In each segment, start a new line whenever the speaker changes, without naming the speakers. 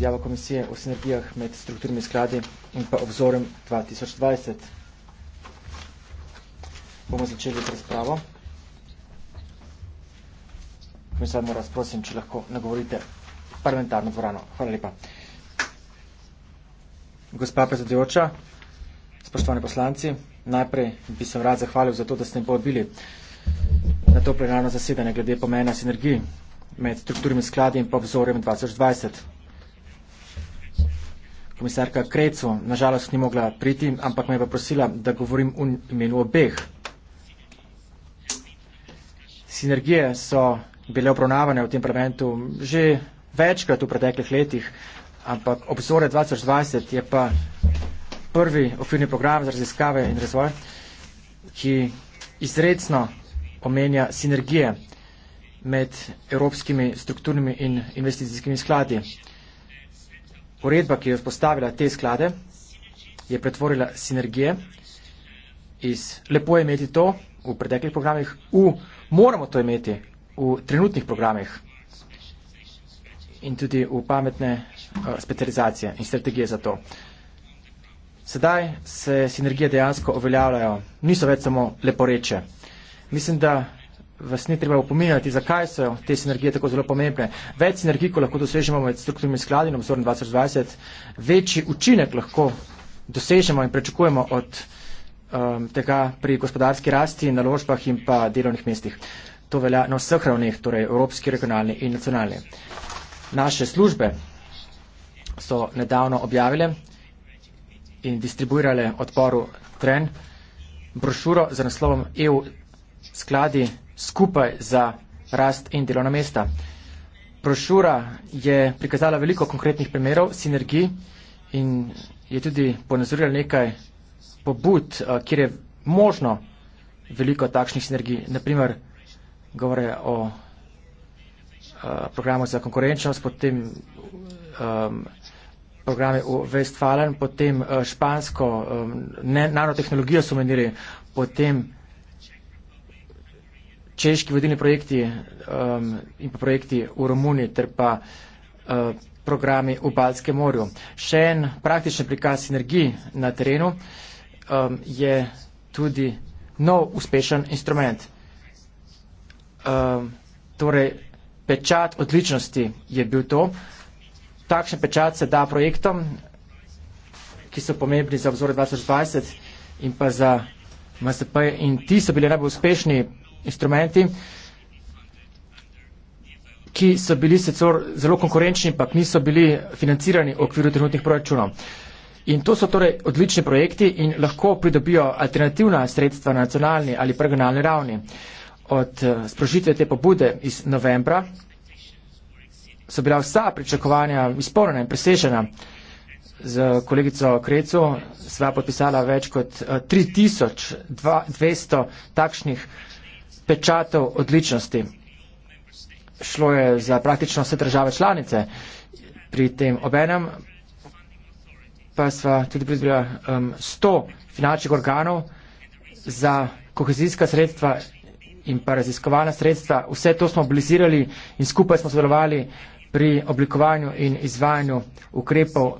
izjavo komisije o sinergijah med strukturnimi skladi in pa obzorem 2020. Bomo začeli z razpravo. Komisar Moraz, prosim, če lahko nagovorite parlamentarno dvorano. Hvala lepa. Gospa predsedujoča, spoštovani poslanci, najprej bi se rad zahvalil za to, da ste mi povabili na to plenarno zasedanje glede pomena sinergij med strukturnimi skladi in pa obzorem 2020 komisarka Kreco nažalost ni mogla priti, ampak me je pa prosila, da govorim v imenu obeh. Sinergije so bile obravnavane v tem parlamentu že večkrat v preteklih letih, ampak obzore 2020 je pa prvi okvirni program za raziskave in razvoj, ki izredno omenja sinergije med evropskimi strukturnimi in investicijskimi skladi. Uredba, ki je vzpostavila te sklade, je pretvorila sinergije iz lepo je imeti to v preteklih programih, v moramo to imeti v trenutnih programih in tudi v pametne uh, specializacije in strategije za to. Sedaj se sinergije dejansko uveljavljajo, niso več samo leporeče. Mislim, da vas ni treba upominjati, zakaj so te sinergije tako zelo pomembne. Več sinergij, ko lahko dosežemo med strukturnimi skladi na obzoru 2020, večji učinek lahko dosežemo in prečakujemo od um, tega pri gospodarski rasti, naložbah in pa delovnih mestih. To velja na vseh ravneh, torej evropski, regionalni in nacionalni. Naše službe so nedavno objavile in distribuirale odporu Tren brošuro za naslovom EU skladi skupaj za rast in delovna mesta. Brošura je prikazala veliko konkretnih primerov sinergij in je tudi ponazorila nekaj pobud, eh, kjer je možno veliko takšnih sinergij. Naprimer, govore o eh, programu za konkurenčnost, potem um, programe v Westfalen, potem eh, špansko um, nanotehnologijo so menili, potem uh, češki vodilni projekti um, in pa projekti v Romuniji ter pa uh, programi v Balskem morju. Še en praktičen prikaz sinergij na terenu um, je tudi nov uspešen instrument. Um, torej, pečat odličnosti je bil to. Takšen pečat se da projektom, ki so pomembni za obzor 2020 in pa za MSP in ti so bili najbolj uspešni instrumenti, ki so bili sicer zelo konkurenčni, pa niso bili financirani v okviru trenutnih proračunov. In to so torej odlični projekti in lahko pridobijo alternativna sredstva na nacionalni ali regionalni ravni. Od eh, sprožitve te pobude iz novembra so bila vsa pričakovanja izpolnjena in presežena. Z kolegico Krecu sva podpisala več kot 3200 eh, takšnih pečatov odličnosti. Šlo je za praktično vse države članice. Pri tem obenem pa sva tudi pridobila um, 100 finančnih organov za kohezijska sredstva in pa raziskovalna sredstva. Vse to smo mobilizirali in skupaj smo sodelovali pri oblikovanju in izvajanju ukrepov,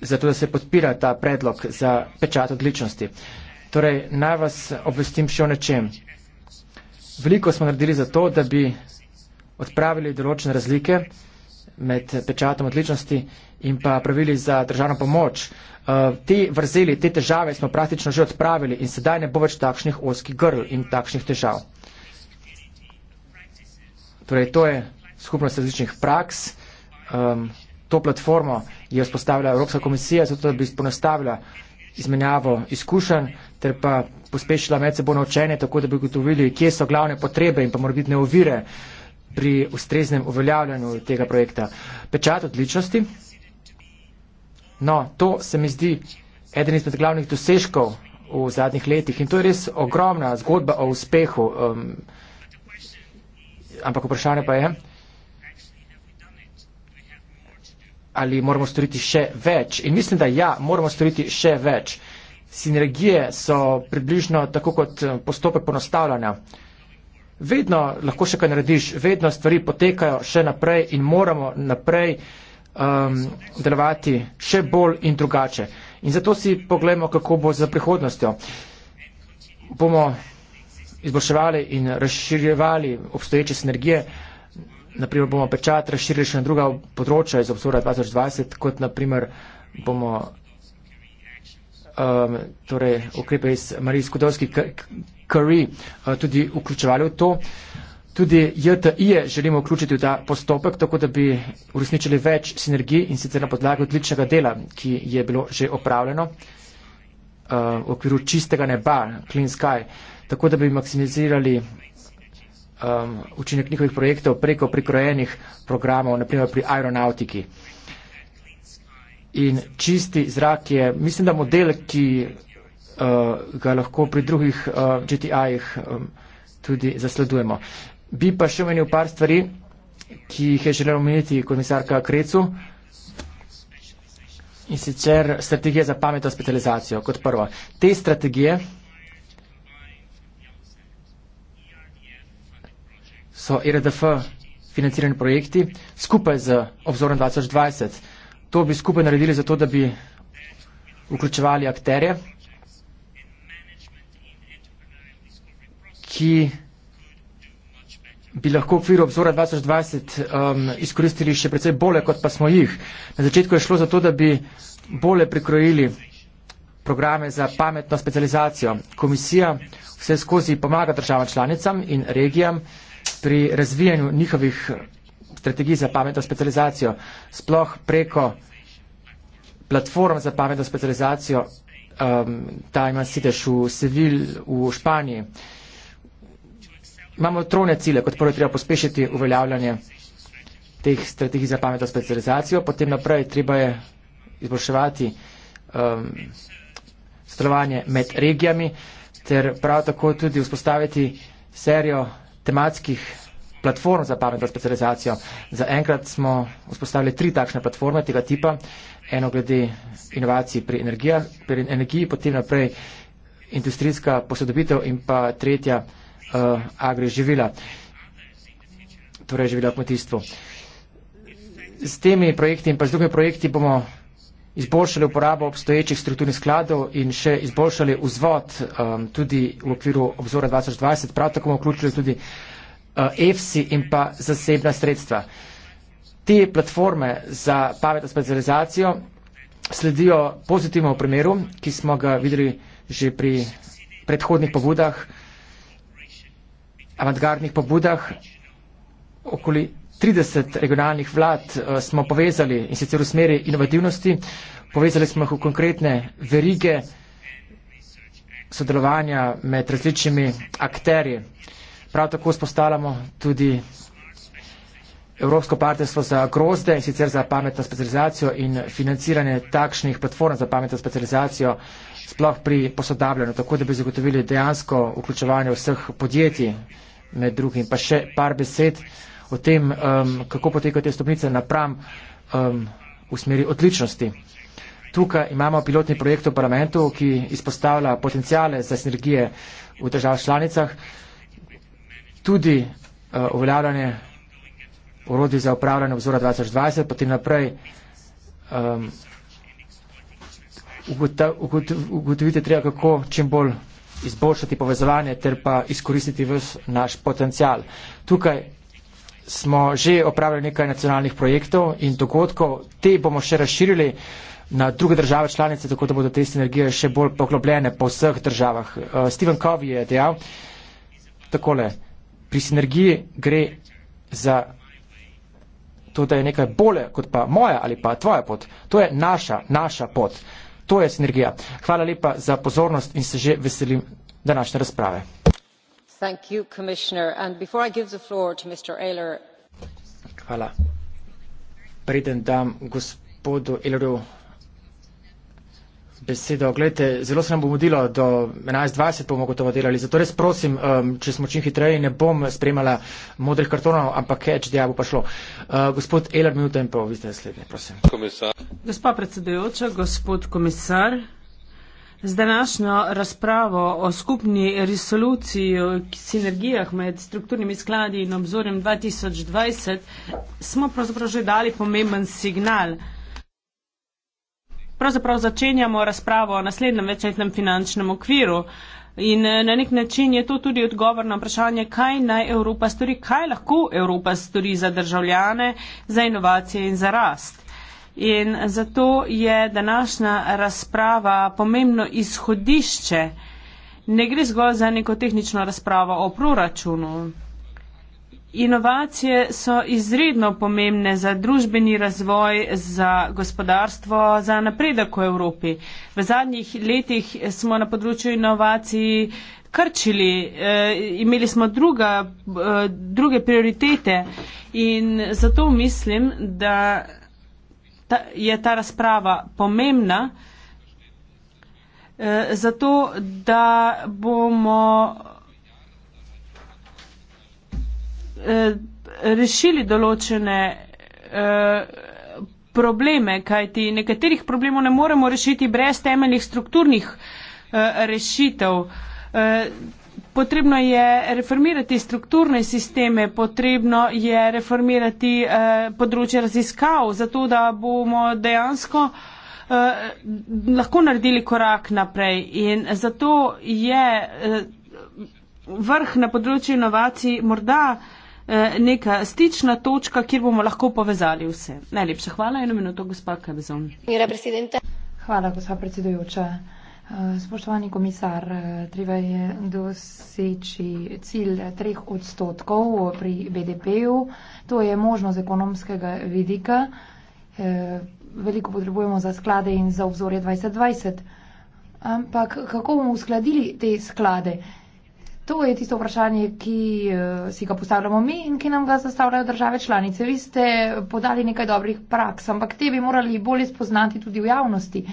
zato da se podpira ta predlog za pečat odličnosti. Torej, naj vas obvestim še o nečem. Veliko smo naredili za to, da bi odpravili določene razlike med pečatom odličnosti in pa pravili za državno pomoč. Eh, te vrzeli, te težave smo praktično že odpravili in sedaj ne bo več takšnih oskih grl in takšnih težav. Torej, to je skupnost različnih praks. To platformo je vzpostavila Evropska komisija, zato da bi ponostavila izmenjavo izkušenj ter pa pospešila medsebojno učenje, tako da bi gotovili, kje so glavne potrebe in pa morbitne ovire pri ustreznem uveljavljanju tega projekta. Pečat odličnosti. No, to se mi zdi eden izmed glavnih dosežkov v zadnjih letih in to je res ogromna zgodba o uspehu. Um, ampak vprašanje pa je, ali moramo storiti še več. In mislim, da ja, moramo storiti še več. Sinergije so približno tako kot eh, postopek ponostavljanja. Vedno lahko še kaj narediš, vedno stvari potekajo še naprej in moramo naprej um, delovati še bolj in drugače. In zato si pogledamo, kako bo za prihodnostjo. Bomo izboljševali in razširjevali obstoječe sinergije naprimer, bomo pečat razširili še na druga področja iz obzora 2020, kot naprimer bomo um, torej, ukrepe iz Marije Skudovski Curry uh, tudi vključevali v to. Tudi JTI je želimo vključiti v ta postopek, tako da bi uresničili več sinergij in sicer na podlagi odličnega dela, ki je bilo že opravljeno uh, v okviru čistega neba, Clean Sky, tako da bi maksimizirali um, učinek njihovih projektov preko prikrojenih programov, naprimer pri aeronautiki. In čisti zrak je, mislim, da model, ki uh, ga lahko pri drugih uh, GTI-jih um, tudi zasledujemo. Bi pa še omenil par stvari, ki jih je želel omeniti komisarka Krecu. In sicer strategije za pametno specializacijo kot prvo. Te strategije so EREDF financirani projekti skupaj z obzorom 2020. To bi skupaj naredili zato, da bi vključevali akterje, ki bi lahko v okviru obzora 2020 um, izkoristili še precej bolje, kot pa smo jih. Na začetku je šlo za to, da bi bolje prikrojili programe za pametno specializacijo. Komisija vse skozi pomaga državam članicam in regijam, uh, pri razvijanju njihovih strategij za pametno specializacijo, sploh preko platform za pametno specializacijo, um, ta ima sedež v Sevilj v Španiji. Imamo trojne cilje, kot prvo je treba pospešiti uveljavljanje teh strategij za pametno specializacijo, potem naprej treba je izboljševati um, sodelovanje med regijami ter prav tako tudi vzpostaviti serijo tematskih platform za pametno specializacijo. Za enkrat smo vzpostavili tri takšne platforme tega tipa. Eno glede inovacij pri, energija, pri energiji, potem naprej industrijska posodobitev in pa tretja uh, eh, agri živila, torej živila v kmetijstvu. S temi projekti in pa z drugimi projekti bomo izboljšali uporabo obstoječih strukturnih skladov in še izboljšali vzvod um, tudi v okviru obzora 2020. Prav tako bomo vključili tudi uh, EFSI in pa zasebna sredstva. Te platforme za pametno specializacijo sledijo pozitivnemu primeru, ki smo ga videli že pri predhodnih pobudah, avantgardnih pobudah okoli 30 regionalnih vlad eh, smo povezali in sicer v smeri inovativnosti, povezali smo jih v konkretne verige sodelovanja med različnimi akterji. Prav tako spostavljamo tudi Evropsko partnerstvo za grozde in sicer za pametno specializacijo in financiranje takšnih platform za pametno specializacijo sploh pri posodabljanju, tako da bi zagotovili dejansko vključevanje vseh podjetij med drugim. Pa še par besed o tem, um, kako potekajo te stopnice napram um, v smeri odličnosti. Tukaj imamo pilotni projekt v parlamentu, ki izpostavlja potencijale za sinergije v državah članicah, tudi uh, uveljavljanje urodi za upravljanje vzora 2020, potem naprej um, ugotovite treba, kako čim bolj izboljšati povezovanje ter pa izkoristiti vse naš potencial. Tukaj smo že opravili nekaj nacionalnih projektov in dogodkov, te bomo še razširili na druge države članice, tako da bodo te sinergije še bolj poglobljene po vseh državah. Uh, eh, Steven Covey je dejal takole, pri sinergiji gre za to, da je nekaj bolje kot pa moja ali pa tvoja pot. To je naša, naša pot. To je sinergija. Hvala lepa za pozornost in se že veselim današnje razprave preden dam gospodu ehlerju besedo, glejte, zelo se nam bo mudilo, do enajst dvajset bomo gotovo delali, zato res prosim, um, če smo čim hitreje, ne bom sprejemala modrih kartonov, ampak HDI bo pa šlo. Uh, gospod Ehler, minuta in pol, vi ste naslednji, prosim.
Gospa predsedujoča, gospod komisar. Z današnjo razpravo o skupni resoluciji o sinergijah med strukturnimi skladi in obzorjem 2020 smo pravzaprav že dali pomemben signal. Pravzaprav začenjamo razpravo o naslednjem večletnem finančnem okviru in eh, na nek način je to tudi odgovor na vprašanje, kaj naj Evropa stori, kaj lahko Evropa stori za državljane, za inovacije in za rast. In zato je današnja razprava pomembno izhodišče. Ne gre zgolj za neko tehnično razpravo o proračunu. Inovacije so izredno pomembne za družbeni razvoj, za gospodarstvo, za napredek v Evropi. V zadnjih letih smo na področju inovacij krčili, eh, imeli smo druga, eh, druge prioritete in zato mislim, da ta, je ta razprava pomembna, eh, zato da bomo eh, rešili določene eh, probleme, kajti nekaterih problemov ne moremo rešiti brez temeljnih strukturnih eh, rešitev. Eh, Potrebno je reformirati strukturne sisteme, potrebno je reformirati eh, področje raziskav, zato da bomo dejansko eh, lahko naredili korak naprej. In zato je eh, vrh na področju inovacij morda eh, neka stična točka, kjer bomo lahko povezali vse. Najlepša hvala, eno minuto, gospod Kabezon.
Hvala, gospod predsedujoča. Spoštovani komisar, treba je doseči cilj treh odstotkov pri BDP-ju. To je možno z ekonomskega vidika. E, veliko potrebujemo za sklade in za obzorje 2020. Ampak kako bomo uskladili te sklade? To je tisto vprašanje, ki e, si ga postavljamo mi in ki nam ga zastavljajo države članice. Vi ste podali nekaj dobrih praks, ampak te bi morali bolje spoznati tudi v javnosti.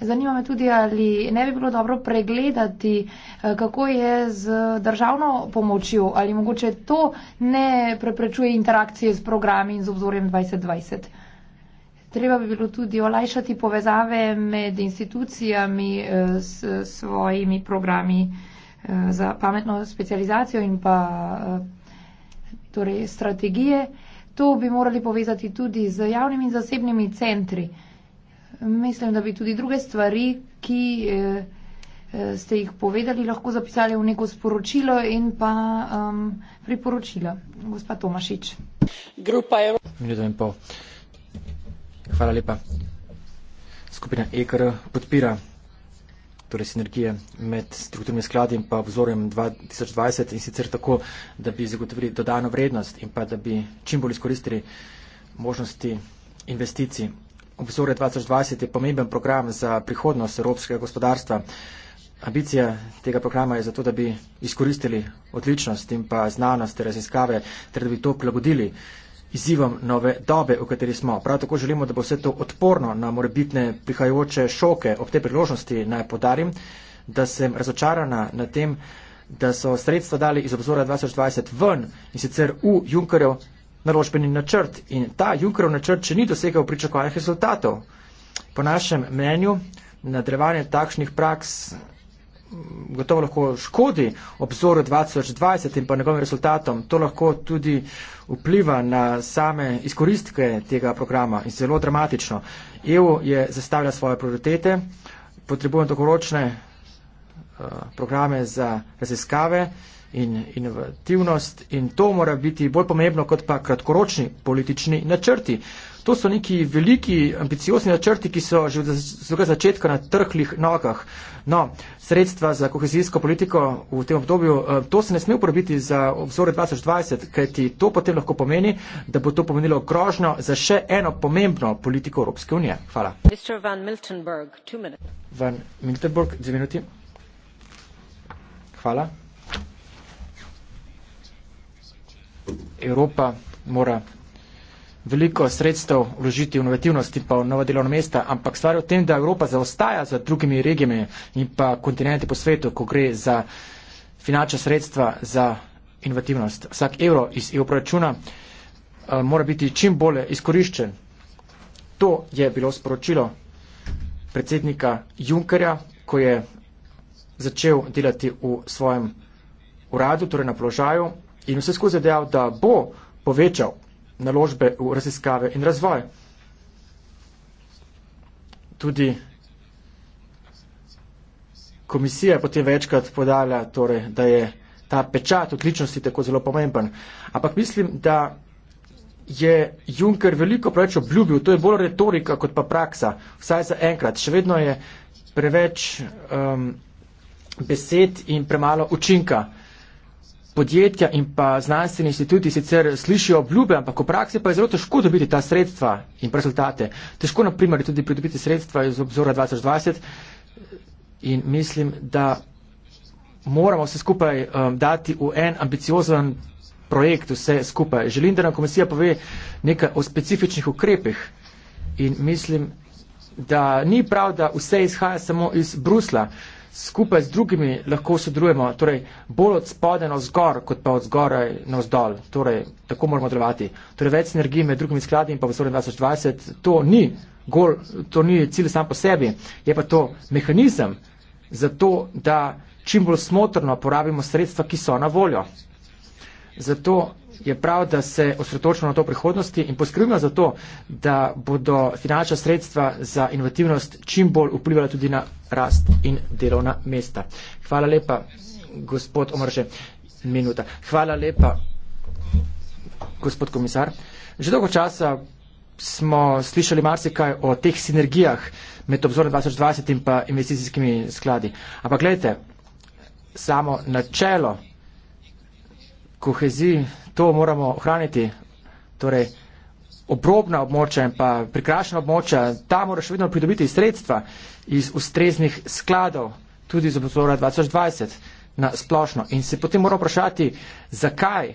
Zanima me tudi, ali ne bi bilo dobro pregledati, eh, kako je z državno pomočjo, ali mogoče to ne preprečuje interakcije s programi in z obzorjem 2020. Treba bi bilo tudi olajšati povezave med institucijami eh, s svojimi programi eh, za pametno specializacijo in pa torej strategije. To bi morali povezati tudi z javnimi in zasebnimi centri mislim, da bi tudi druge stvari, ki eh, eh, ste jih povedali, lahko zapisali v neko sporočilo in pa um, priporočila. Gospa Tomašič.
Grupa je. Minuto in pol. Hvala lepa. Skupina EKR podpira torej sinergije med strukturnim skladom pa vzorjem 2020 in sicer tako, da bi zagotovili dodano vrednost in pa da bi čim bolj izkoristili možnosti investicij Obzore 2020 je pomemben program za prihodnost evropskega gospodarstva. Ambicija tega programa je zato, da bi izkoristili odličnost in pa znanost ter raziskave, ter da bi to prilagodili izzivom nove dobe, v kateri smo. Prav tako želimo, da bo vse to odporno na morebitne prihajajoče šoke. Ob te priložnosti naj podarim, da sem razočarana na tem, da so sredstva dali iz obzora 2020 ven in sicer v Junkerjev naročbeni načrt in ta Junkerov načrt še ni dosegal pričakovanih rezultatov. Po našem mnenju nadrevanje takšnih praks mm, gotovo lahko škodi obzoru 2020 in pa njegovim rezultatom. To lahko tudi vpliva na same izkoristke tega programa in zelo dramatično. EU je zastavila svoje prioritete, potrebujemo dolgoročne uh, programe za raziskave. Uh, in inovativnost in to mora biti bolj pomembno kot pa kratkoročni politični načrti. To so neki veliki ambiciozni načrti, ki so že od svega začetka na trhlih nogah. No, sredstva za kohezijsko politiko v tem obdobju, eh, to se ne sme uporabiti za obzore 2020, kajti to potem lahko pomeni, da bo to pomenilo grožno za še eno pomembno politiko Evropske unije. Hvala. Van Miltenburg, dve minuti. Hvala. Evropa mora veliko sredstev vložiti v inovativnost in pa v nova delovna mesta, ampak stvar je v tem, da Evropa zaostaja za drugimi regijami in pa kontinenti po svetu, ko gre za finančna sredstva za inovativnost. Vsak evro iz EU proračuna eh, mora biti čim bolje izkoriščen. To je bilo sporočilo predsednika Junckerja, ko je začel delati v svojem uradu, torej na položaju, in vse skozi dejal, da bo povečal naložbe v raziskave in razvoj. Tudi komisija je potem večkrat podala, torej, da je ta pečat odličnosti tako zelo pomemben. Ampak mislim, da je Juncker veliko preveč obljubil, to je bolj retorika kot pa praksa, vsaj za enkrat. Še vedno je preveč um, besed in premalo učinka podjetja in pa znanstveni instituti sicer slišijo obljube, ampak v praksi pa je zelo težko dobiti ta sredstva in rezultate. Težko, na primer, tudi pridobiti sredstva iz obzora 2020 in mislim, da moramo vse skupaj um, dati v en ambiciozen projekt, vse skupaj. Želim, da nam komisija pove nekaj o specifičnih ukrepih in mislim, da ni prav, da vse izhaja samo iz Brusla. Uh, skupaj z drugimi lahko sodelujemo, torej bolj od spode na vzgor, kot pa od zgoraj na vzdolj. Torej, tako moramo delovati. Torej, več energije med drugimi skladi in pa vzorjem 2020, to ni, gol, to ni cilj sam po sebi, je pa to mehanizem za to, da čim bolj smotrno porabimo sredstva, ki so na voljo. Zato je prav, da se osredotočimo na to prihodnosti in poskrbimo za to, da bodo finančna sredstva za inovativnost čim bolj vplivala tudi na rast in delovna mesta. Hvala lepa, gospod Omrže. Minuta. Hvala lepa, gospod komisar. Že dolgo časa smo slišali marsikaj o teh sinergijah med obzorom 2020 in pa investicijskimi skladi. Ampak gledajte, samo načelo koheziji, to moramo ohraniti. Torej, obrobna območja in pa prikrašena območja, ta moraš vedno pridobiti sredstva iz ustreznih skladov, tudi iz obzora 2020 na splošno. In se potem moramo vprašati, zakaj uh,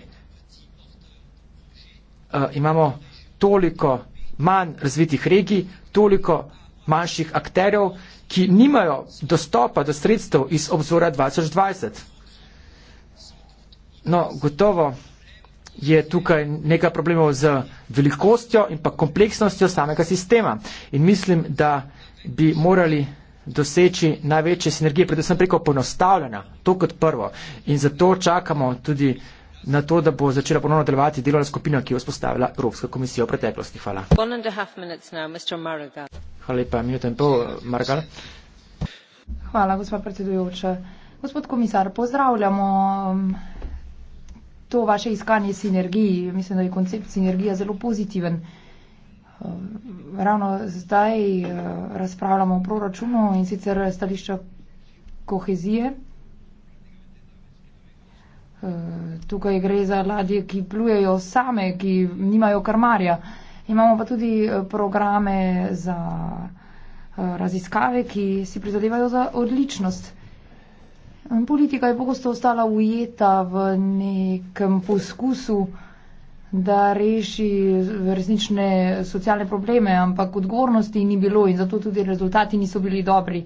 imamo toliko manj razvitih regij, toliko manjših akterjev, ki nimajo dostopa do sredstev iz obzora 2020. No, gotovo je tukaj nekaj problemov z velikostjo in pa kompleksnostjo samega sistema. In mislim, da bi morali doseči največje sinergije, predvsem preko ponostavljena, to kot prvo. In zato čakamo tudi na to, da bo začela ponovno delovati delovna skupina, ki jo vzpostavila Evropska komisija v preteklosti. Hvala. Hvala lepa, minuta in pol, Margal.
Hvala, gospod predsedujoča. Gospod komisar, pozdravljamo to vaše iskanje sinergiji, mislim, da je koncept sinergija zelo pozitiven. Ehm, ravno zdaj eh, razpravljamo o proračunu in sicer stališča kohezije. Ehm, tukaj gre za ladje, ki plujejo same, ki nimajo karmarja. Imamo pa tudi eh, programe za eh, raziskave, ki si prizadevajo za odličnost. Politika je pogosto ostala ujeta v nekem poskusu, da reši resnične socialne probleme, ampak odgovornosti ni bilo in zato tudi rezultati niso bili dobri.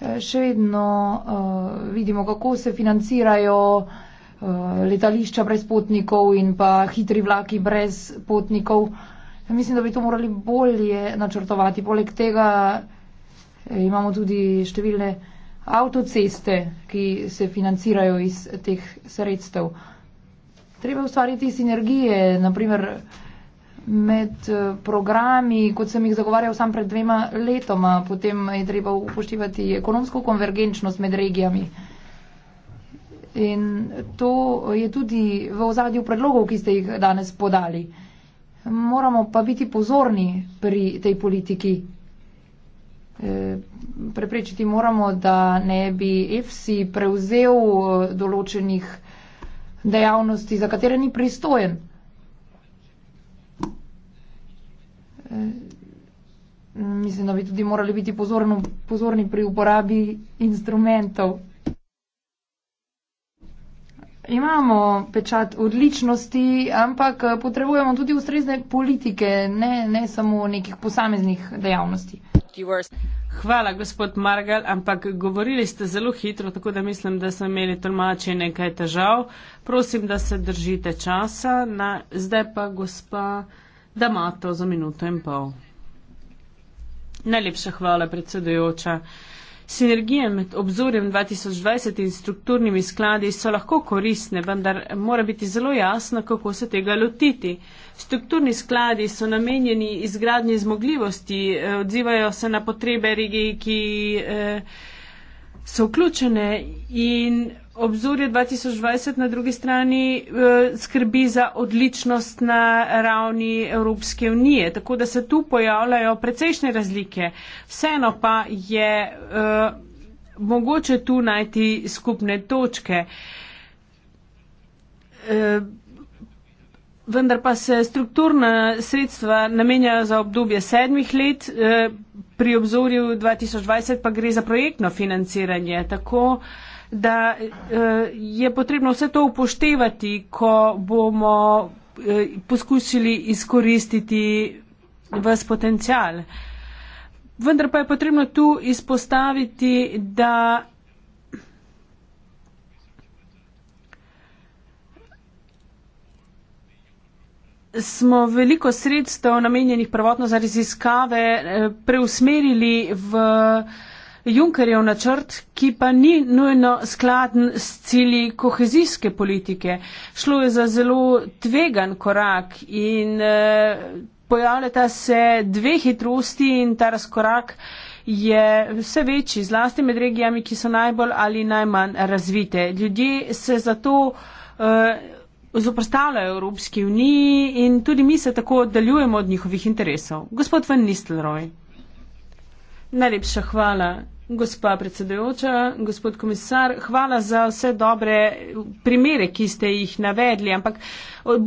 E, še vedno uh, vidimo, kako se financirajo uh, letališča brez potnikov in pa hitri vlaki brez potnikov. Mislim, da bi to morali bolje načrtovati. Poleg tega Imamo tudi številne avtoceste, ki se financirajo iz teh sredstev. Treba ustvariti sinergije, naprimer med eh, programi, kot sem jih zagovarjal sam pred dvema letoma, potem je treba upoštevati ekonomsko konvergenčnost med regijami. In to je tudi v ozadju predlogov, ki ste jih danes podali. Moramo pa biti pozorni pri tej politiki. Eh, preprečiti moramo, da ne bi EFSI prevzel eh, določenih dejavnosti, za katere ni pristojen. Eh, mislim, da bi tudi morali biti pozorni, pozorni pri uporabi instrumentov. Imamo pečat odličnosti, ampak potrebujemo tudi ustrezne politike, ne, ne samo nekih posameznih dejavnosti.
Hvala, gospod Margal, ampak govorili ste zelo hitro, tako da mislim, da so imeli tolmači nekaj težav. Prosim, da se držite časa. Na, zdaj pa gospa Damato za minuto in pol. Najlepša hvala, predsedujoča. Sinergije med obzorjem 2020 in strukturnimi skladi so lahko korisne, vendar mora biti zelo jasno, kako se tega lotiti. Strukturni skladi so namenjeni izgradnji zmogljivosti, eh, odzivajo se na potrebe regij, ki eh, so vključene in obzorje 2020 na drugi strani eh, skrbi za odličnost na ravni Evropske unije. Tako da se tu pojavljajo precejšnje razlike. Vseeno pa je uh, mogoče tu najti skupne točke. Eh, vendar pa se strukturna sredstva namenjajo za obdobje sedmih let, pri obzorju 2020 pa gre za projektno financiranje. Tako, uh, da eh, je potrebno vse to upoštevati, ko bomo eh, poskusili izkoristiti vse potencial. Vendar pa je potrebno tu izpostaviti, da smo veliko sredstev namenjenih prvotno za raziskave eh, preusmerili v Junkerjev načrt, ki pa ni nujno skladen s cilji kohezijske politike. Šlo je za zelo tvegan korak in eh, pojavljata se dve hitrosti in ta razkorak je vse večji, zlasti med regijami, ki so najbolj ali najmanj razvite. Ljudje se zato eh, zoprstavljajo Evropski uniji in tudi mi se tako oddaljujemo od njihovih interesov. Gospod Van Nistelrooy. Najlepša hvala. Gospa predsedujoča, gospod komisar, hvala za vse dobre primere, ki ste jih navedli, ampak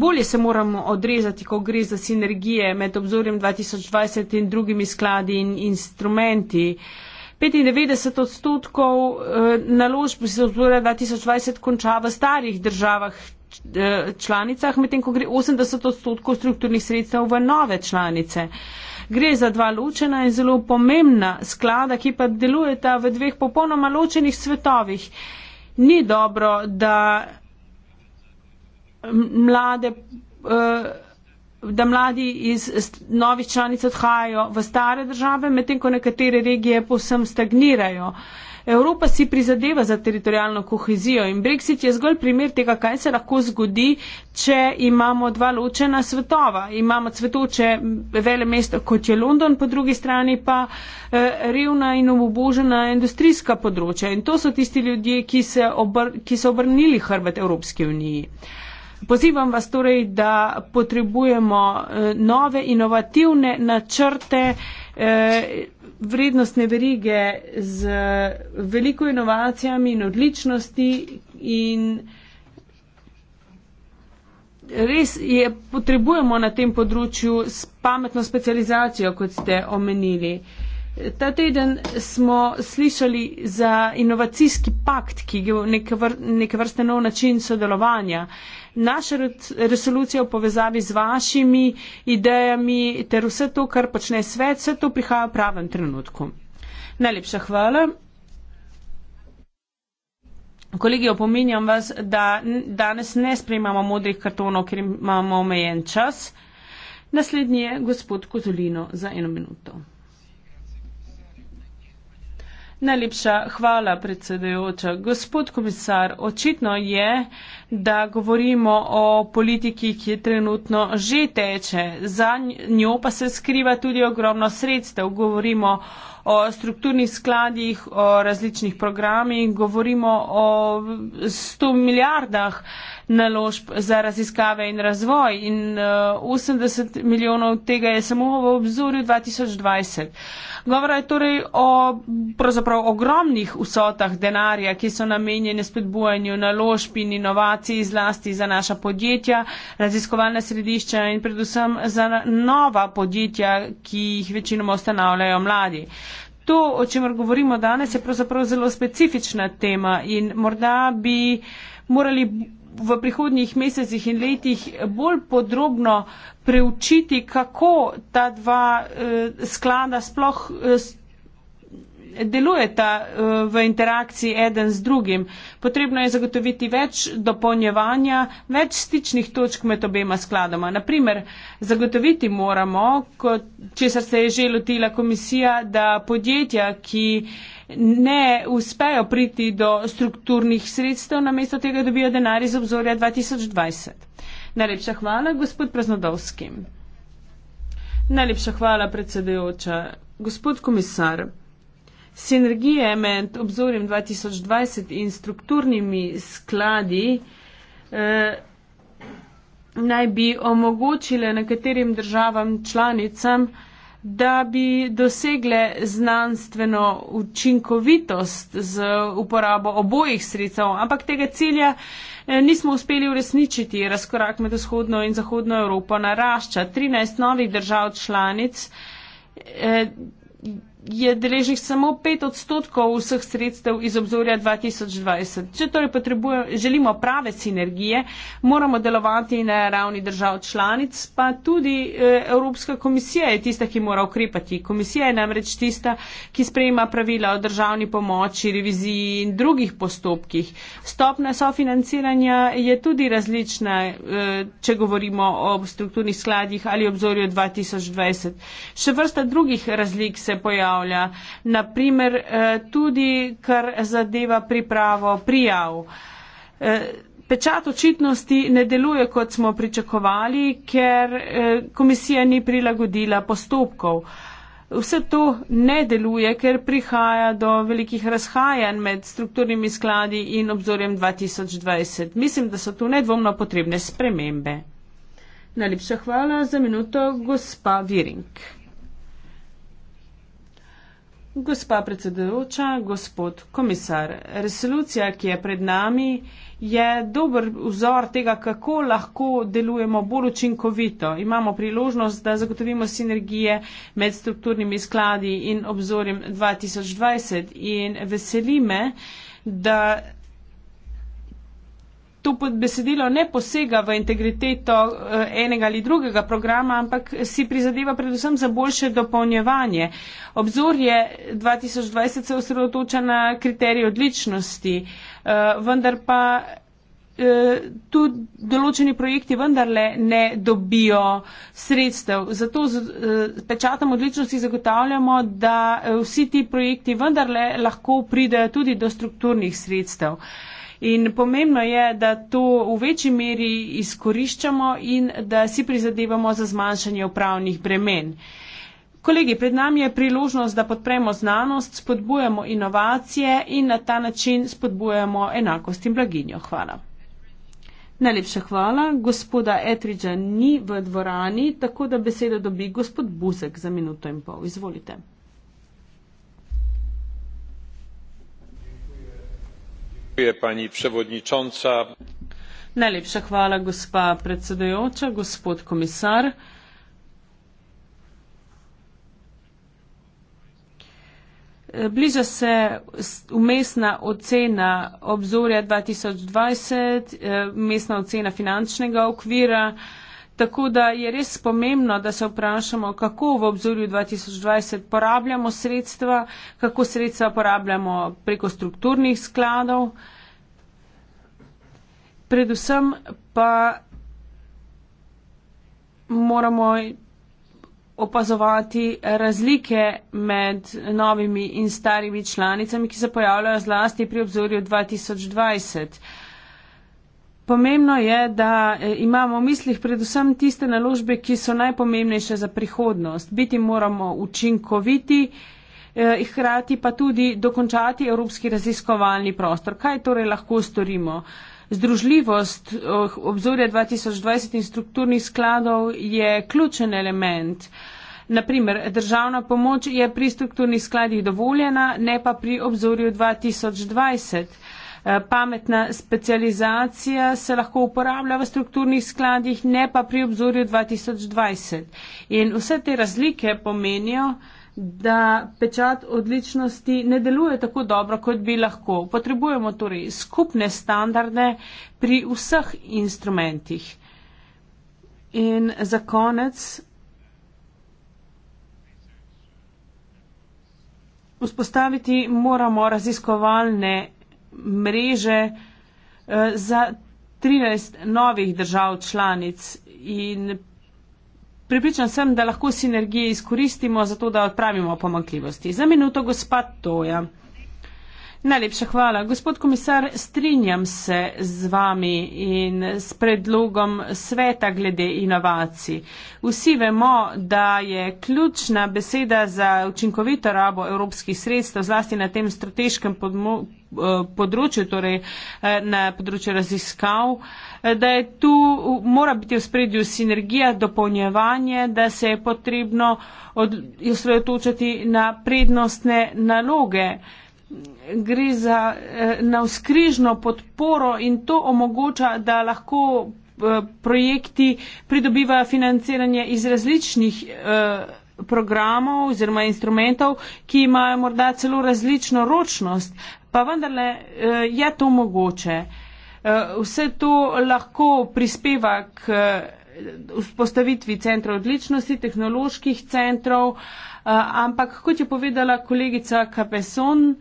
bolje se moramo odrezati, ko gre za sinergije med obzorjem 2020 in drugimi skladi in instrumenti. 95 odstotkov eh, naložb se obzorja 2020 konča v starih državah eh, članicah, medtem ko gre 80 odstotkov strukturnih sredstev v nove članice. Gre za dva ločena in zelo pomembna sklada, ki pa delujeta v dveh popolnoma ločenih svetovih. Ni dobro, da mlade. Uh, da mladi iz novih članic odhajajo v stare države, medtem ko nekatere regije posem stagnirajo. Uh, Evropa si prizadeva za teritorijalno kohezijo in Brexit je zgolj primer tega, kaj se lahko zgodi, če imamo dva ločena svetova. Imamo cvetoče vele mesta, kot je London, po drugi strani pa eh, revna in obobožena industrijska področja. In to so tisti ljudje, ki, se obr ki so obrnili hrbet Evropske unije. Pozivam vas torej, da potrebujemo eh, nove inovativne načrte. Eh, vrednostne verige z veliko inovacijami in odličnosti in res je, potrebujemo na tem področju s pametno specializacijo, kot ste omenili. Ta teden smo slišali za inovacijski pakt, ki je neke vrste nov način sodelovanja. Uh, naša resolucija v povezavi z vašimi idejami ter vse to, kar počne svet, vse to prihaja v pravem trenutku. Najlepša hvala. Kolegi, opominjam vas, da danes ne sprejmamo modrih kartonov, ker imamo omejen čas. Naslednji je gospod Kozolino za eno minuto. Najlepša hvala, predsedujoča. Gospod komisar, očitno je, da govorimo o politiki, ki je trenutno že teče. Za njo pa se skriva tudi ogromno sredstev. Govorimo o strukturnih skladih, o različnih programih, govorimo o 100 milijardah naložb za raziskave in razvoj in uh, eh, 80 milijonov tega je samo v obzorju 2020. Govora je torej o pravzaprav ogromnih vsotah denarja, ki so namenjene spodbujanju naložb in inovacij zlasti za naša podjetja, raziskovalna središča in predvsem za nova podjetja, ki jih večinoma ustanavljajo mladi. To, o čemer govorimo danes, je pravzaprav zelo specifična tema in morda bi morali v prihodnjih mesecih in letih bolj podrobno preučiti, kako ta dva eh, sklada sploh eh, delujeta eh, v interakciji eden z drugim. Potrebno je zagotoviti več dopolnjevanja, več stičnih točk med obema skladoma. Naprimer, zagotoviti moramo, kot, česar se je že lotila komisija, da podjetja, ki ne uspejo priti do strukturnih sredstev, namesto tega dobijo denar iz obzorja 2020. Najlepša hvala, gospod Preznodovski. Najlepša hvala, predsedujoča. Gospod komisar, sinergije med obzorjem 2020 in strukturnimi skladi eh, naj bi omogočile nekaterim državam članicam, da bi dosegle znanstveno učinkovitost z uporabo obojih sredstev, ampak tega cilja eh, nismo uspeli uresničiti. Razkorak med vzhodno in zahodno Evropo narašča. 13 novih držav članic. Eh, je deležnih samo 5 odstotkov vseh sredstev iz obzorja 2020. Če torej želimo prave sinergije, moramo delovati na ravni držav članic, pa tudi eh, Evropska komisija je tista, ki mora ukrepati. Komisija je namreč tista, ki sprejema pravila o državni pomoči, reviziji in drugih postopkih. Stopna sofinanciranja je tudi različna, eh, če govorimo o strukturnih skladih ali obzorju 2020. Še vrsta drugih razlik se pojavlja ponavlja. Naprimer, eh, tudi kar zadeva pripravo prijav. Eh, pečat očitnosti ne deluje, kot smo pričakovali, ker eh, komisija ni prilagodila postopkov. Vse to ne deluje, ker prihaja do velikih razhajanj med strukturnimi skladi in obzorjem 2020. Mislim, da so tu nedvomno potrebne spremembe. Najlepša hvala za minuto, gospa Viring. Gospa predsedujoča, gospod komisar, resolucija, ki je pred nami, je dober vzor tega, kako lahko delujemo bolj učinkovito. Imamo priložnost, da zagotovimo sinergije med strukturnimi skladi in obzorjem 2020 in veseli me, da to besedilo ne posega v integriteto eh, enega ali drugega programa, ampak si prizadeva predvsem za boljše dopolnjevanje. Obzorje 2020 se osredotoča na kriterije odličnosti, eh, vendar pa eh, tu določeni projekti vendarle ne dobijo sredstev. Zato z pečatom odličnosti zagotavljamo, da vsi ti projekti vendarle lahko pridejo tudi do strukturnih sredstev. In pomembno je, da to v večji meri izkoriščamo in da si prizadevamo za zmanjšanje upravnih bremen. Kolegi, pred nami je priložnost, da podpremo znanost, spodbujamo inovacije in na ta način spodbujamo enakost in blaginjo. Hvala. Najlepša hvala. Gospoda Etriča ni v dvorani, tako da besedo dobi gospod Buzek za minuto in pol. Izvolite.
pani przewodnicząca!
najlepša hvala gospa predsedujoča gospod komisar bliža se umestna ocena obzorja dva tisoč dvajset eh, umestna ocena finančnega okvira Tako da je res pomembno, da se vprašamo, kako v obzorju 2020 porabljamo sredstva, kako sredstva porabljamo preko strukturnih skladov. Predvsem pa moramo opazovati razlike med novimi in starimi članicami, ki se pojavljajo zlasti pri obzorju 2020. Pomembno je, da eh, imamo v mislih predvsem tiste naložbe, ki so najpomembnejše za prihodnost. Biti moramo učinkoviti, eh, hkrati pa tudi dokončati evropski raziskovalni prostor. Kaj torej lahko storimo? Združljivost eh, obzorja 2020 in strukturnih skladov je ključen element. Naprimer, državna pomoč je pri strukturnih skladih dovoljena, ne pa pri obzorju 2020. Eh, pametna specializacija se lahko uporablja v strukturnih skladih, ne pa pri obzorju 2020. In vse te razlike pomenijo, da pečat odličnosti ne deluje tako dobro, kot bi lahko. Potrebujemo torej skupne standarde pri vseh instrumentih. In za konec. Vzpostaviti moramo raziskovalne mreže eh, za 13 novih držav članic in pripričan sem, da lahko sinergije izkoristimo za to, da odpravimo pomankljivosti. Za minuto gospa Toja. Najlepša hvala. Gospod komisar, strinjam se z vami in s predlogom sveta glede inovacij. Vsi vemo, da je ključna beseda za učinkovito rabo evropskih sredstev, zlasti na tem strateškem eh, področju, torej eh, na področju raziskav, eh, da je tu, mora biti v spredju sinergija, dopolnjevanje, da se je potrebno osredotočati na prednostne naloge gre za eh, navskrižno podporo in to omogoča, da lahko eh, projekti pridobivajo financiranje iz različnih eh, programov oziroma instrumentov, ki imajo morda celo različno ročnost, pa vendarle je to mogoče. Vse to lahko prispeva k vzpostavitvi centrov odličnosti, tehnoloških centrov, ampak kot je povedala kolegica Capeson,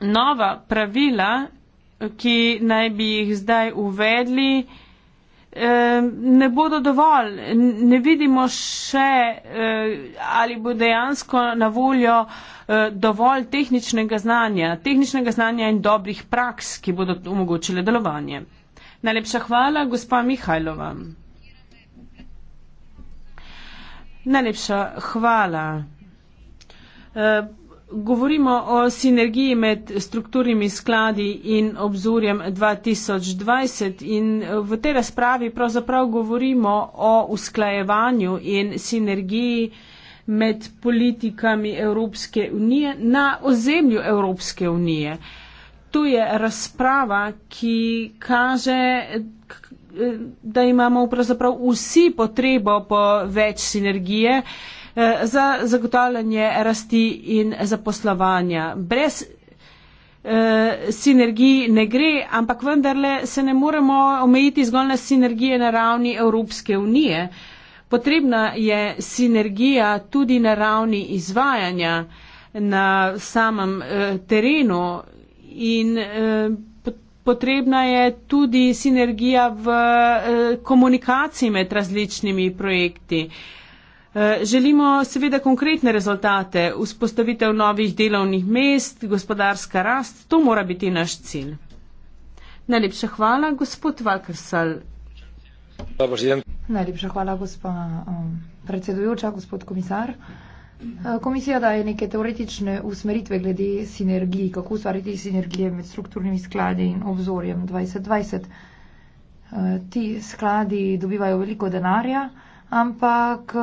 nova pravila, ki naj bi jih zdaj uvedli, eh, ne bodo dovolj. Ne vidimo še, eh, ali bo dejansko na voljo eh, dovolj tehničnega znanja, tehničnega znanja in dobrih praks, ki bodo omogočile delovanje. Najlepša hvala, gospa Mihajlova. Najlepša hvala. Govorimo o sinergiji med strukturnimi skladi in obzorjem 2020 in v tej razpravi pravzaprav govorimo o usklajevanju in sinergiji med politikami Evropske unije na ozemlju Evropske unije. Tu je razprava, ki kaže, da imamo pravzaprav vsi potrebo po več sinergije. Eh, za zagotavljanje rasti in zaposlovanja. Brez eh, sinergij ne gre, ampak vendarle se ne moremo omejiti zgolj na sinergije na ravni Evropske unije. Potrebna je sinergija tudi na ravni izvajanja na samem eh, terenu in potrebna je tudi sinergija v komunikaciji med različnimi projekti. Eh, želimo seveda konkretne rezultate, vzpostavitev novih delovnih mest, gospodarska rast, to mora biti naš cilj. Najlepša hvala, gospod Valkersal. Najlepša hvala, gospa um, predsedujoča,
gospod komisar.
Eh,
komisija daje neke teoretične usmeritve glede sinergij, kako ustvariti sinergije med strukturnimi skladi in obzorjem 2020. Eh, ti skladi dobivajo veliko denarja ampak eh,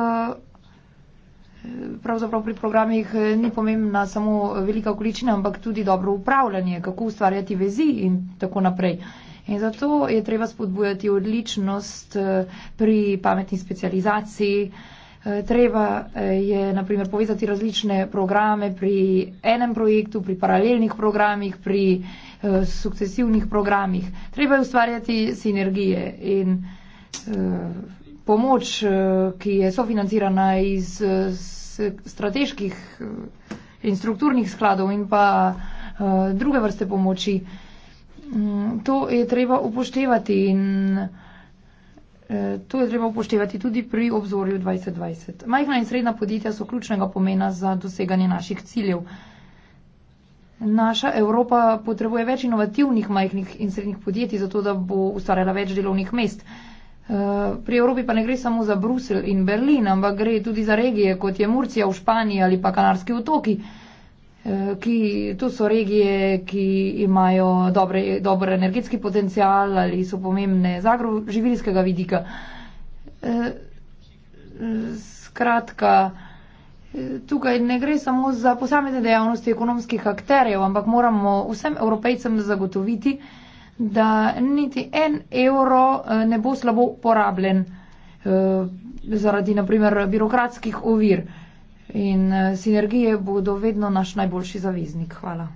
pravzaprav pri programih eh, ni pomembna samo velika količina, ampak tudi dobro upravljanje, kako ustvarjati vezi in tako naprej. In zato je treba spodbujati odličnost eh, pri pametni specializaciji. Treba je naprimer povezati različne programe pri enem projektu, pri paralelnih programih, pri uh, sukcesivnih programih. Treba je ustvarjati sinergije in uh, pomoč, eh, ki je sofinancirana iz eh, strateških eh, in strukturnih skladov in pa druge vrste pomoči. Mm, to je treba upoštevati in to je treba upoštevati tudi pri obzorju 2020. Majhna in srednja podjetja so ključnega pomena za doseganje naših ciljev. Naša Evropa potrebuje več inovativnih majhnih in srednjih podjetij, zato da bo ustvarjala več delovnih mest. Eh, pri Evropi pa ne gre samo za Bruselj in Berlin, ampak gre tudi za regije, kot je Murcia v Španiji ali pa Kanarski otoki. Eh, ki, to so regije, ki imajo dobre, dober energetski potencial ali so pomembne z agroživilskega vidika. Eh, skratka, tukaj ne gre samo za posamezne dejavnosti ekonomskih akterjev, ampak moramo vsem evropejcem zagotoviti, da niti en evro eh, ne bo slabo porabljen eh, zaradi naprimer birokratskih ovir. In eh, sinergije bodo vedno naš najboljši zaveznik. Hvala.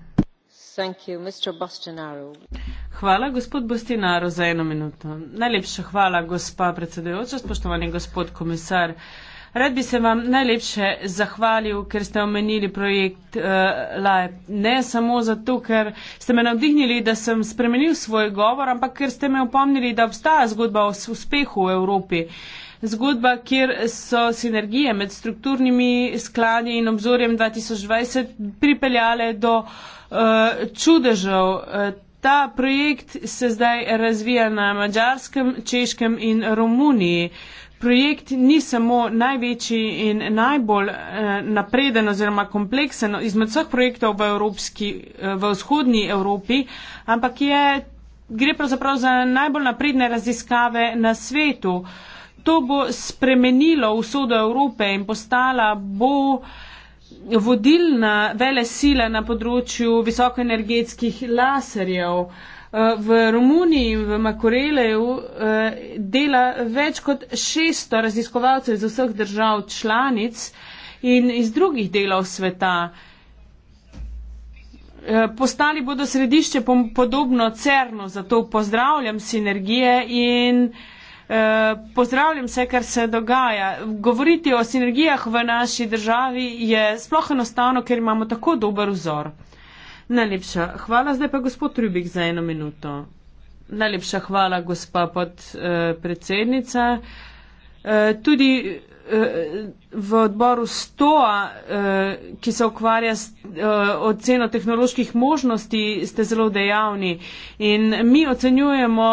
Hvala, gospod Bostinaro, za eno minuto. Najlepša hvala, gospa predsedujoča, spoštovani gospod komisar. Rad bi se vam najlepše zahvalil, ker ste omenili projekt uh, Live. Ne samo zato, ker ste me navdihnili, da sem spremenil svoj govor, ampak ker ste me opomnili, da obstaja zgodba o uspehu v Evropi. Zgodba, kjer so sinergije med strukturnimi skladi in obzorjem 2020 pripeljale do uh, čudežev. Ta projekt se zdaj razvija na mačarskem, češkem in romuniji. Uh, projekt ni samo največji in najbolj eh, napreden oziroma kompleksen izmed vseh projektov v, Evropski, eh, v vzhodnji Evropi, ampak je, gre pravzaprav za najbolj napredne raziskave na svetu. To bo spremenilo vsodo Evrope in postala bo vodilna vele sile na področju visokoenergetskih laserjev. Uh, Eh, v Romuniji in v Makoreleju eh, dela več kot 600 raziskovalcev iz vseh držav članic in iz drugih delov sveta. Eh, postali bodo središče podobno CERNu, zato pozdravljam sinergije in pozdravljam vse, kar se dogaja. Govoriti o sinergijah v naši državi je sploh enostavno, ker imamo tako dober vzor. Najlepša hvala, zdaj pa gospod Rubik za eno minuto. Najlepša hvala, gospa podpredsednica. Uh, uh, tudi v odboru STOA, eh, ki se ukvarja s eh, oceno tehnoloških možnosti, ste zelo dejavni. In mi ocenjujemo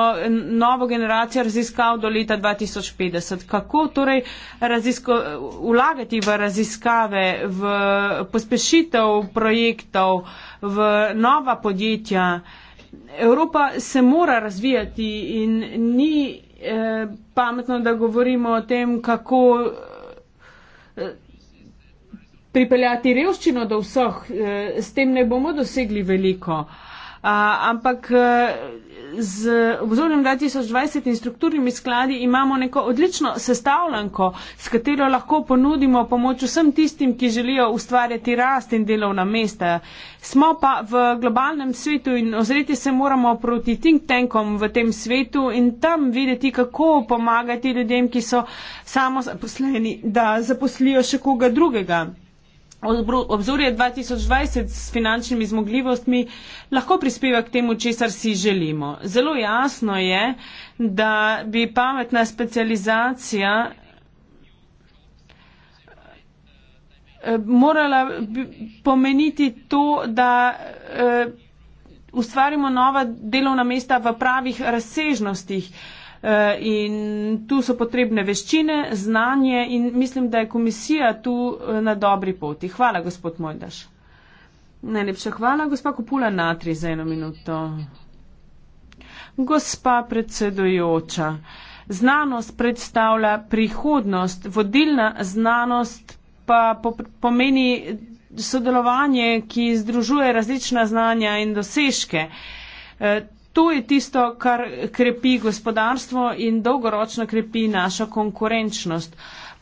novo generacijo raziskav do leta 2050. Kako torej razisko, vlagati v raziskave, v pospešitev projektov, v nova podjetja? Evropa se mora razvijati in ni Eh, pametno, da govorimo o tem, kako eh, pripeljati revščino do vseh. Eh, s tem ne bomo dosegli veliko. Ampak z obzorjem 2020 in strukturnimi skladi imamo neko odlično sestavljanko, s katero lahko ponudimo pomoč vsem tistim, ki želijo ustvarjati rast in delovna mesta. Smo pa v globalnem svetu in ozreti se moramo proti think tankom v tem svetu in tam videti, kako pomagati ljudem, ki so samo zaposleni, da zaposlijo še koga drugega obzorje 2020 s finančnimi zmogljivostmi lahko prispeva k temu, česar si želimo. Zelo jasno je, da bi pametna specializacija eh, morala pomeniti to, da eh, ustvarimo nova delovna mesta v pravih razsežnostih. Eh, in tu so potrebne veščine, znanje in mislim, da je komisija tu eh, na dobri poti. Hvala, gospod Mojdaš. Najlepša hvala, gospa Kupula Natri, za eno minuto. Gospa predsedujoča, znanost predstavlja prihodnost, vodilna znanost pa po pomeni sodelovanje, ki združuje različna znanja in dosežke. Eh, To je tisto, kar krepi gospodarstvo in dolgoročno krepi našo konkurenčnost.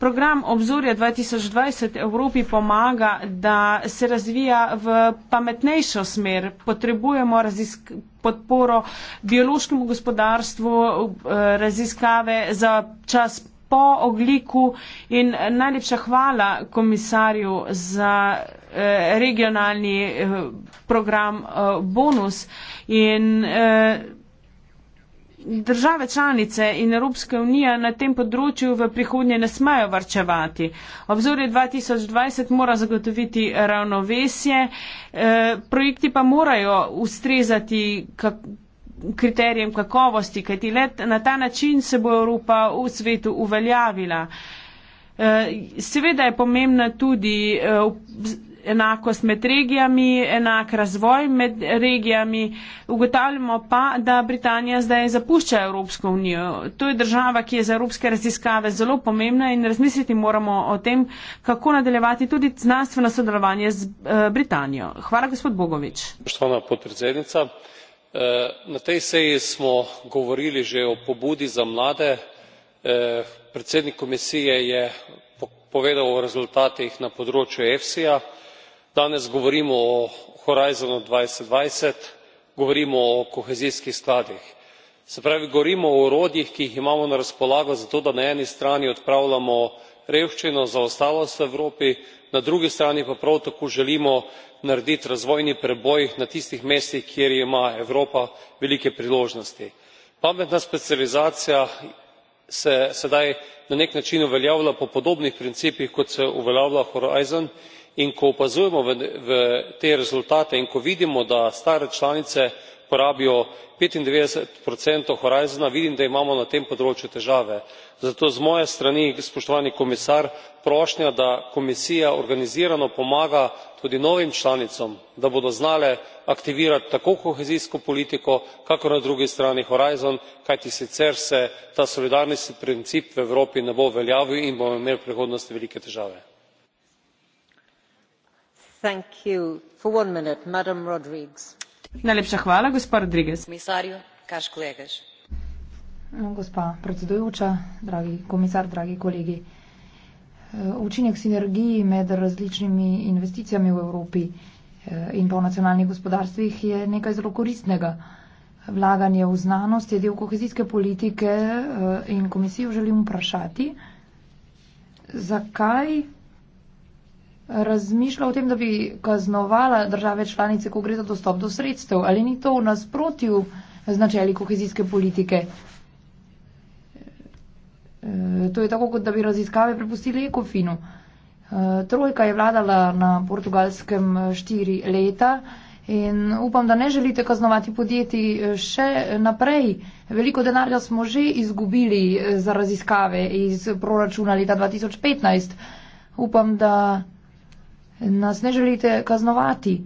Program obzorja 2020 Evropi pomaga, da se razvija v pametnejšo smer. Potrebujemo razisk podporo biološkemu gospodarstvu, eh, raziskave za čas po ogliku in najlepša hvala komisarju za eh, regionalni eh, program eh, bonus in Države članice in Evropska unija na tem področju v prihodnje ne smajo varčevati. Obzorje 2020 mora zagotoviti ravnovesje, projekti pa morajo ustrezati kriterijem kakovosti, kajti let na ta način se bo Evropa v svetu uveljavila. Eh, seveda je pomembna tudi eh, enakost med regijami, enak razvoj med regijami. Ugotavljamo pa, da Britanija zdaj zapušča Evropsko unijo. To je država, ki je za evropske raziskave zelo pomembna in razmisliti moramo o tem, kako nadaljevati tudi znanstveno sodelovanje z eh, Britanijo. Hvala, gospod Bogovič
na tej seji smo govorili že o pobudi za mlade predsednik komisije je povedal o rezultatih na področju efsi ja danes govorimo o horizonu dva tisoč dvajset govorimo o kohezijskih skladih se pravi govorimo o orodjih ki jih imamo na razpolago zato da na eni strani odpravljamo revščino zaostalost v evropi na drugi strani pa prav tako želimo narediti razvojni preboj na tistih mestih kjer ima evropa velike priložnosti. pametna specializacija se sedaj na nek način uveljavlja po podobnih principih kot se uveljavlja horizon in ko opazujemo te rezultate in ko vidimo da stare članice porabijo petindevetdeset horizona vidim da imamo na tem področju težave. zato z moje strani spoštovani komisar prošnja da komisija organizirano pomaga tudi novim članicam da bodo znale aktivirati tako kohezijsko politiko kakor na drugi strani horizon kajti sicer se ta solidarnostni princip v evropi ne bo uveljavil in bomo imeli v prihodnosti velike težave.
Najlepša hvala, gospod Rodriguez. Komisarju, kaš kolegež.
Gospa predsedujoča, dragi komisar, dragi kolegi. Učinek sinergiji med različnimi investicijami v Evropi eh, in po nacionalnih gospodarstvih je nekaj zelo koristnega. Vlaganje v znanost je del kohezijske politike eh, in komisijo želim vprašati, zakaj razmišlja o tem, da bi kaznovala države članice, ko gre za dostop do sredstev. Ali ni to v nasprotju z načeli kohezijske politike? E, to je tako, kot da bi raziskave prepustili ekofinu. E, trojka je vladala na portugalskem štiri leta in upam, da ne želite kaznovati podjetij še naprej. Veliko denarja smo že izgubili za raziskave iz proračuna leta 2015. Upam, da nas ne želite kaznovati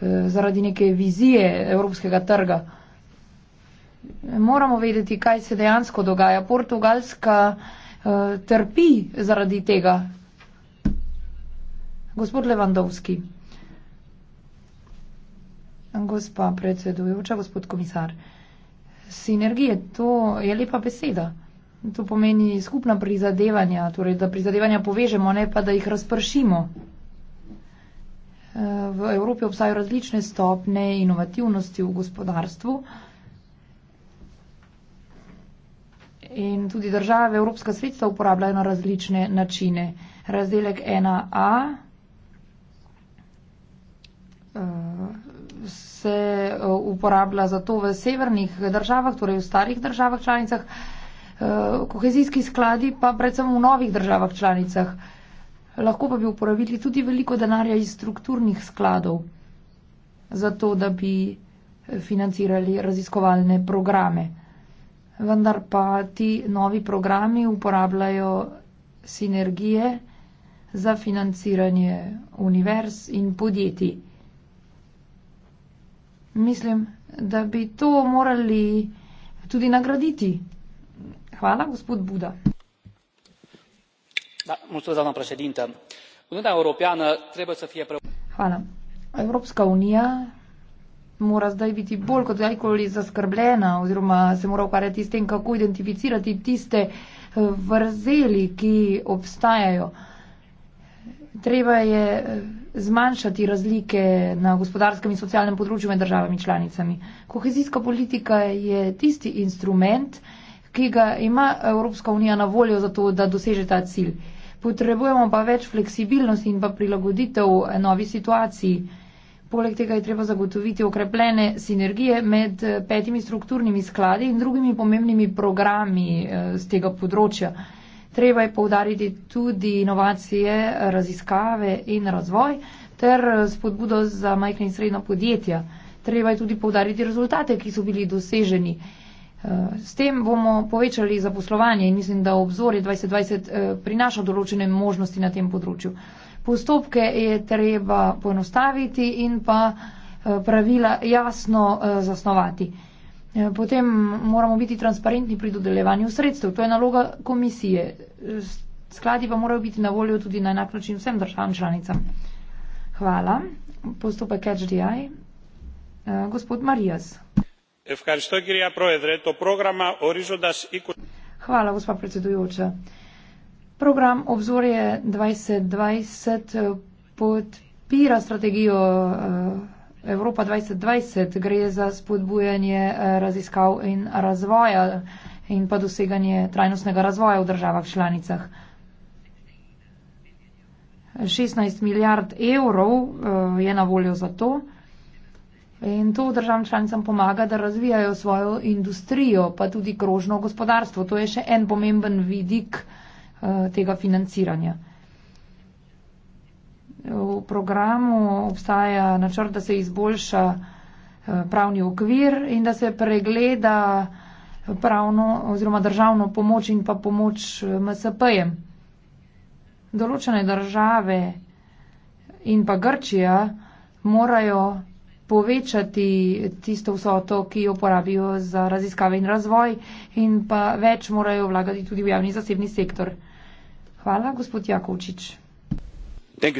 eh, zaradi neke vizije evropskega trga. Moramo vedeti, kaj se dejansko dogaja. Portugalska uh, trpi zaradi tega. Gospod Levandovski, gospa predsedujoča, gospod komisar, sinergije, to je lepa beseda. To pomeni skupna prizadevanja, torej da prizadevanja povežemo, ne pa da jih razpršimo. V Evropi obstajajo različne stopne inovativnosti v gospodarstvu. In tudi države evropska sredstva uporabljajo na različne načine. Razdelek 1a eh, se eh, uporablja zato v severnih državah, torej v starih državah članicah, eh, kohezijski skladi pa predvsem v novih državah članicah lahko pa bi uporabili tudi veliko denarja iz strukturnih skladov, zato da bi financirali raziskovalne programe. Vendar pa ti novi programi uporabljajo sinergije za financiranje univerz in podjetij. Mislim, da bi to morali tudi nagraditi. Hvala, gospod Buda
doamnă președintă uniunea europeană trebuie să fie.
Hvala. Evropska unija mora zdaj biti bolj kot kdajkoli zaskrbljena oziroma se mora ukvarjati s tem, kako identificirati tiste eh, vrzeli, ki obstajajo. Treba je eh, zmanjšati razlike na gospodarskem in socialnem področju med državami članicami. Kohezijska politika je tisti instrument, ki ga ima Evropska unija na voljo za to, da doseže ta cilj potrebujemo pa več fleksibilnosti in pa prilagoditev novi situaciji. Poleg tega je treba zagotoviti okrepljene sinergije med eh, petimi strukturnimi skladi in drugimi pomembnimi programi z eh, tega področja. Treba je povdariti tudi inovacije, raziskave in razvoj ter eh, spodbudo za majhne in srednja podjetja. Treba je tudi povdariti rezultate, ki so bili doseženi. S tem bomo povečali zaposlovanje in mislim, da obzorje 2020 eh, prinaša določene možnosti na tem področju. Postopke je treba poenostaviti in pa eh, pravila jasno eh, zasnovati. Potem moramo biti transparentni pri dodeljevanju sredstev. To je naloga komisije. Skladi pa morajo biti na voljo tudi na enak način vsem državam članicam. Hvala. Postopek HDI. Gospod Marijas hvala gospa predsedujoča program obzorje dvajset dvajset eh, podpira strategijo eh, evropa dvajset dvajset gre za spodbujanje eh, raziskav in razvoja in pa doseganje trajnostnega razvoja v državah članicah šestnajst milijard evrov je na voljo za to In to državam članicam pomaga, da razvijajo svojo industrijo, pa tudi krožno gospodarstvo. To je še en pomemben vidik eh, tega financiranja. V programu obstaja načrt, da se izboljša eh, pravni okvir in da se pregleda pravno oziroma državno pomoč in pa pomoč eh, MSP-jem. Določene države in pa Grčija morajo povečati tisto vsoto, ki jo porabijo za raziskave in razvoj in pa več morajo vlagati tudi v javni zasebni sektor. Hvala, gospod Jakovčič.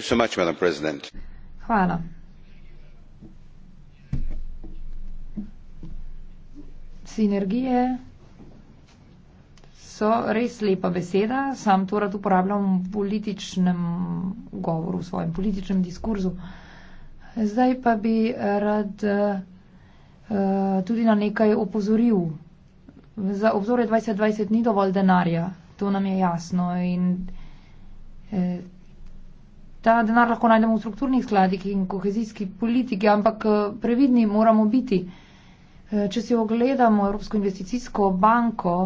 So much, Hvala. Sinergije so res lepa beseda, sam to rad uporabljam v političnem govoru, v svojem političnem diskurzu. Zdaj pa bi rad uh, tudi na nekaj opozoril. Za obzore 2020 ni dovolj denarja, to nam je jasno. In, eh, ta denar lahko najdemo v strukturnih skladih in kohezijski politiki, ampak eh, previdni moramo biti. Eh, če si ogledamo Evropsko investicijsko banko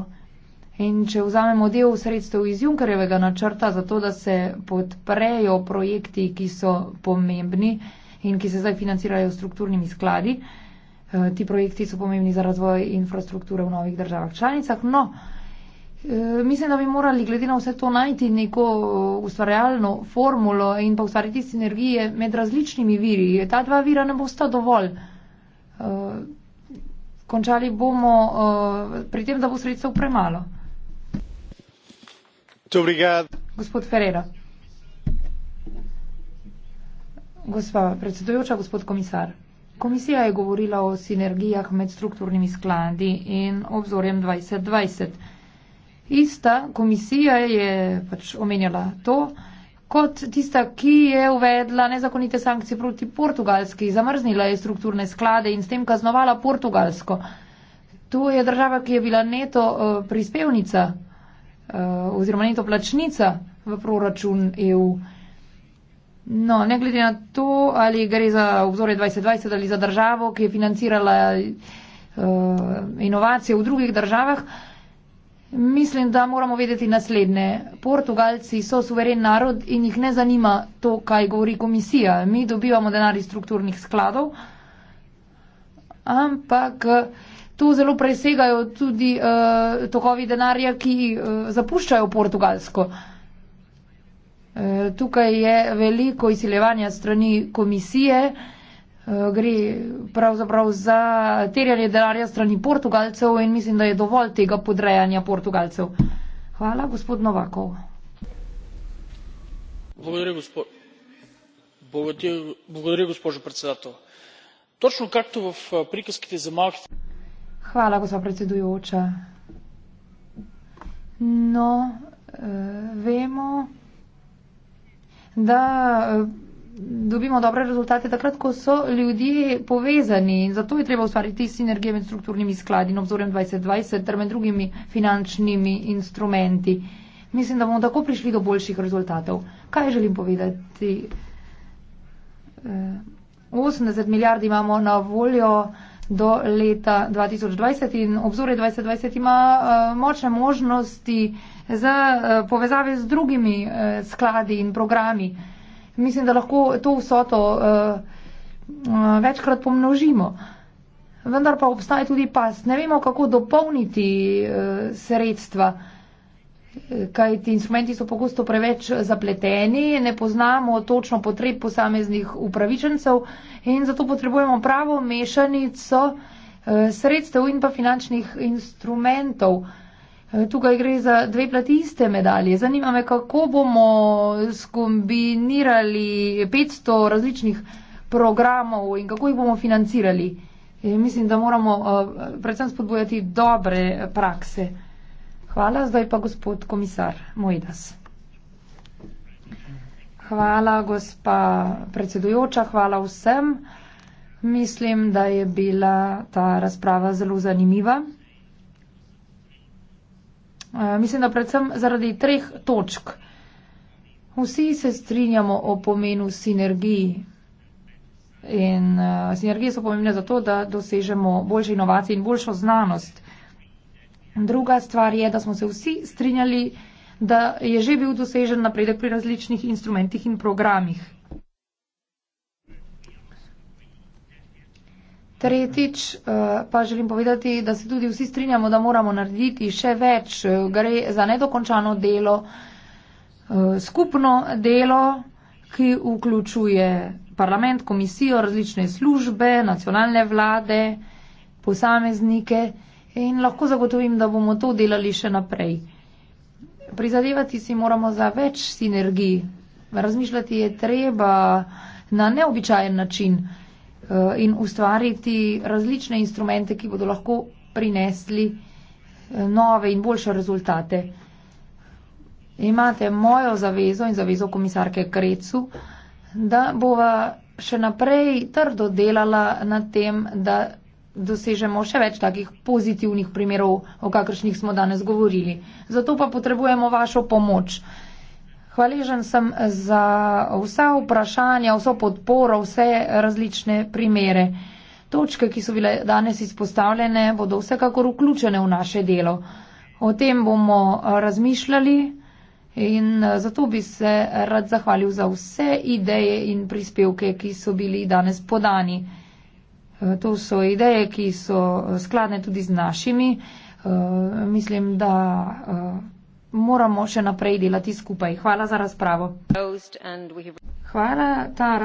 in če vzamemo del sredstev iz Junkerjevega načrta za to, da se podprejo projekti, ki so pomembni, eh, in ki se zdaj financirajo strukturnimi skladi. Eh, ti projekti so pomembni za razvoj infrastrukture v novih državah članicah. No, eh, mislim, da bi morali glede na vse to najti neko eh, ustvarjalno formulo in pa ustvariti sinergije med različnimi viri. Ta dva vira ne bosta dovolj. Končali bomo pri tem, da bo sredstev premalo. Gospod Ferreira. Gospa predsedujoča, gospod komisar. Komisija je govorila o sinergijah med strukturnimi skladi in obzorjem 2020. Ista komisija je pač omenjala to kot tista, ki je uvedla nezakonite sankcije proti portugalski, zamrznila je strukturne sklade in s tem kaznovala portugalsko. To je država, ki je bila neto eh, prispevnica eh, oziroma neto plačnica v proračun EU. No, ne glede na to, ali gre za obzore 2020 ali za državo, ki je financirala uh, inovacije v drugih državah, mislim, da moramo vedeti naslednje. Portugalci so suveren narod in jih ne zanima to, kaj govori komisija. Mi dobivamo denar iz strukturnih skladov, ampak. Eh, to zelo presegajo tudi uh, tokovi denarja, ki uh, zapuščajo Portugalsko. Uh, Tukaj je veliko izsilevanja strani komisije, eh, gre pravzaprav za terjanje denarja strani Portugalcev in mislim, da je dovolj tega podrejanja Portugalcev. Hvala, gospod Novakov.
Благодаря, госпожо председател. Точно както в приказките за малките...
Хвала, госпожа председуюча. Но, э, вемо da eh, dobimo dobre rezultate takrat, ko so ljudje povezani. Zato je treba ustvariti sinergije med strukturnimi skladi in obzorjem 2020 ter med drugimi finančnimi instrumenti. Mislim, da bomo tako prišli do boljših rezultatov. Kaj želim povedati? 80 eh, milijard imamo na voljo do leta 2020 in obzore 2020 ima eh, močne možnosti za eh, povezave z drugimi eh, skladi in programi. Mislim, da lahko to vsoto večkrat pomnožimo. Vendar pa obstaja tudi pas. Ne vemo, kako dopolniti sredstva kaj ti instrumenti so pogosto preveč zapleteni, ne poznamo točno potreb posameznih upravičencev in zato potrebujemo pravo mešanico eh, sredstev in pa finančnih instrumentov. Eh, tukaj gre za dve plati iste medalje. Zanima me, kako bomo skombinirali 500 različnih programov in kako jih bomo financirali. Eh, mislim, da moramo predvsem spodbujati dobre prakse. Hvala, zdaj pa gospod komisar Mojdas. Hvala, gospa predsedujoča, hvala vsem. Mislim, da je bila ta razprava zelo zanimiva. E, mislim, da predvsem zaradi treh točk. Vsi se strinjamo o pomenu sinergij. In e, sinergije so pomembne zato, da dosežemo boljše inovacije in boljšo znanost. Druga stvar je, da smo se vsi strinjali, da je že bil dosežen napredek pri različnih instrumentih in programih. Tretjič eh, pa želim povedati, da se tudi vsi strinjamo, da moramo narediti še več. Gre za nedokončano delo, eh, skupno delo, ki vključuje parlament, komisijo, različne službe, nacionalne vlade, posameznike in lahko zagotovim, da bomo to delali še naprej. Prizadevati si moramo za več sinergij. Razmišljati je treba na neobičajen način eh, in ustvariti različne instrumente, ki bodo lahko prinesli eh, nove in boljše rezultate. Imate mojo zavezo in zavezo komisarke Krecu, da bova še naprej trdo delala na tem, da dosežemo še več takih pozitivnih primerov, o kakršnih smo danes govorili. Zato pa potrebujemo vašo pomoč. Hvaležen sem za vsa vprašanja, vso podporo, vse različne primere. Točke, ki so bile danes izpostavljene, bodo vsekakor vključene v naše delo. O tem bomo razmišljali in zato bi se rad zahvalil za vse ideje in prispevke, ki so bili danes podani. Eh, to so ideje, ki so eh, skladne tudi z našimi. Eh, mislim, da moramo še naprej delati skupaj. Hvala za razpravo. Hvala.